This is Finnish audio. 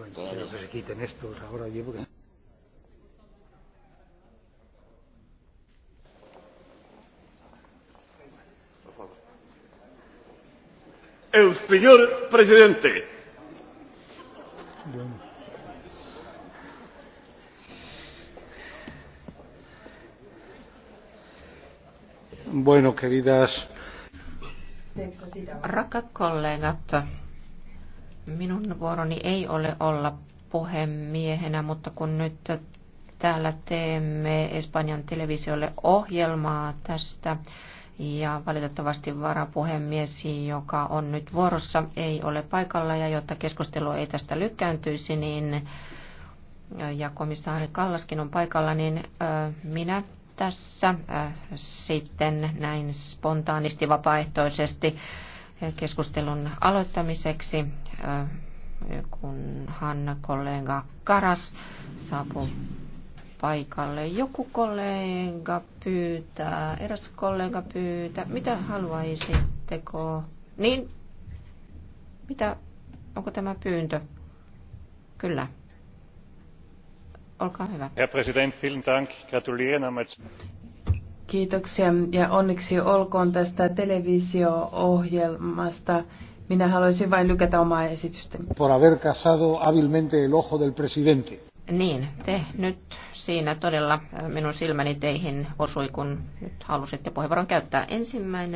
Bueno, quiero que se quiten estos ahora, allí porque... El señor presidente. Bueno. bueno, queridas. Rakkaat kollegat, Minun vuoroni ei ole olla puhemiehenä, mutta kun nyt täällä teemme Espanjan televisiolle ohjelmaa tästä, ja valitettavasti varapuhemies, joka on nyt vuorossa, ei ole paikalla ja jotta keskustelu ei tästä lykkääntyisi, niin ja komissaari Kallaskin on paikalla, niin minä tässä sitten näin spontaanisti vapaaehtoisesti keskustelun aloittamiseksi, kun Hanna kollega Karas saapuu paikalle. Joku kollega pyytää, eräs kollega pyytää. Mitä haluaisitteko? Niin, mitä, onko tämä pyyntö? Kyllä. Olkaa hyvä. Herr Präsident, vielen Dank. Gratulieren Kiitoksia ja onneksi olkoon tästä televisio-ohjelmasta. Minä haluaisin vain lykätä omaa esitystäni. Por haber casado hábilmente el ojo del presidente. Niin, te nyt siinä todella minun silmäni teihin osui, kun nyt halusitte puheenvuoron käyttää. Ensimmäinen